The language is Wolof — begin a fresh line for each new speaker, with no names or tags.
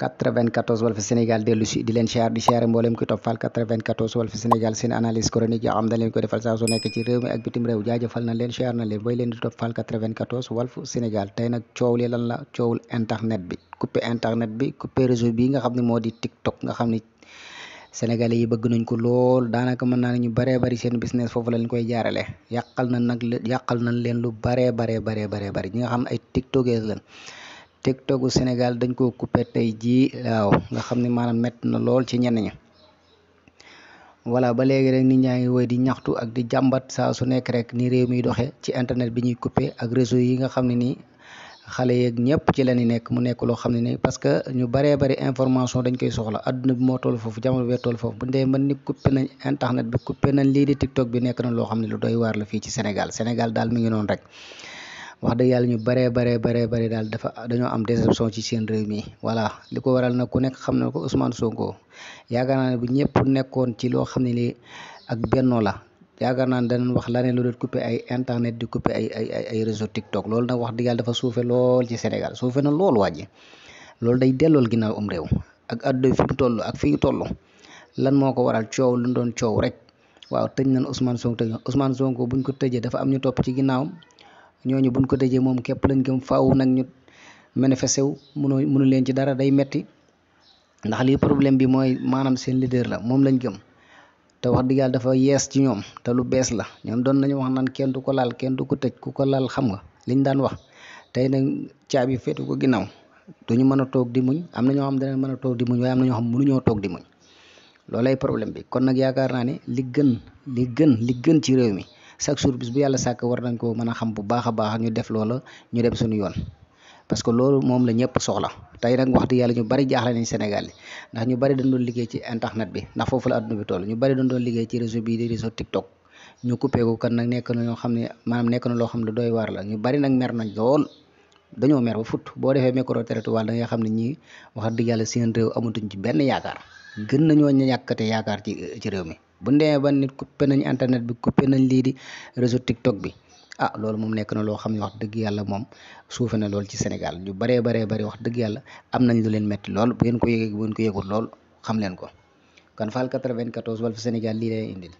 94 Walf Sénégal dellu si di leen siyaar di siyaare mboolem kuy topp Fall 94 Walf Sénégal seen analyse chronique yoo xam leen ko defal saa su nekk ci réew na leen siyaar na leen bay leen di topp Fall 94 Walf Sénégal tey coow lan la coowul internet bi coupé internet bi nga xam ne moo di TikTok nga xam ni Sénégalais yi bëgg nañ ko lool daanaka mën naa ne ñu baree bari seen business foofu lañ koy jaarale yàqal na nag yàqal nañ leen lu baree baree baree baree bari ñi nga xam ay tiktokers lañ tiktoku Sénégal dañ koo coupé tey jii nga xam ne maanaam mett na lool ci ñenn ñi ba léegi rek nit ñaa ngi woy di ñaxtu ak di jàmbat saa su nekk rek ni réew mi doxee ci internet bi ñuy coupé ak réseau yi nga xam ne nii xale yeeg ñëpp ci la ñu nekk mu nekk loo xam ne nii parce que ñu baree bari information dañ koy soxla adduna bi moo toll foofu jamono bee toll foofu bu ndee ni coupé nañ internet bi coupé lii di tiktok bi nekk na loo xam ne lu dooy waar la fii ci Sénégal Sénégal daal mi ngi noonu rek wax dëgg yàlla ñu baree baree baree bari daal dafa dañoo am déception ci seen réew mi voilà li ko waral na ku nekk xam na ko Ousmane Sonko yaakaar naa ne bu ñëpp nekkoon ci loo xam ne lii ak bennoo la yaakaar naa ne danañ wax laneen lu doon coupé ay internet di coupé ay ay ay ay loolu nag wax dëgg dafa suufe lool ci Sénégal suufe na lool waa ji loolu day dellool ginnaaw am réew ak àdduna fi mu toll ak fi ñu toll lan moo ko waral coow lu doon coow rek waaw tëj nañ Ousmane Sonko tëj Ousmane Sonko buñ ko tëjee dafa am ñu topp ci ginnaaw ñooñu buñ ko tëjee moom képp lañ gëm fawu nag ñu manifesté wu mënu mënu leen ci dara day metti ndax lii problème bi mooy maanaam seen leader la moom lañ gëm te wax dëgg dafa yees ci ñoom te lu bees la ñoom doon nañu wax naan kenn du ko laal kenn du ko tëj ku ko laal xam nga liñ daan wax tey nag caabi féetu ko ginnaaw duñu mën a toog di muñ am na ñoo xam ne danañ mën a toog di muñ waaye am na ñoo xam munu ñoo toog di muñ loolay problème bi kon nag yaakaar naa ne li gën li gën li gën ci réew mi chaque jour bis bu yàlla sàkk war nañ ko mën a xam bu baax a baax ñu def loola ñu dem suñu yoon parce que loolu moom la ñëpp soxla tey nag wax dëgg yàlla ñu bari jaaxle nañ Sénégal yi ndax ñu bari dañ doon liggéey ci internet bi foofu la adduna bi toll ñu bari dañ liggéey ci réseau bii di réseau TikTok ñu coupé ko kan nag nekk na ne maanaam nekk na loo xam ne doy waar la ñu bari nag mer nañ lool dañoo mer ba fut boo defee micro territoire da nga xam ne ñii wax dëgg yàlla seen réew amatuñ ci benn yaakaar gën nañoo ñàkkate yaakaar ci ci réew mi bu ndee demee ba nit coupé nañ internet bi coupé nañ lii di réseau TikTok bi ah loolu moom nekk na loo xam ne wax dëgg yàlla moom suufe na lool ci Sénégal ñu baree baree bari wax dëgg yàlla am nañ lu leen metti lool bu ngeen ko yëgee bu ngeen ko yëgul lool xam leen ko Kan Fall 94 Walf Sénégal lii lay indil.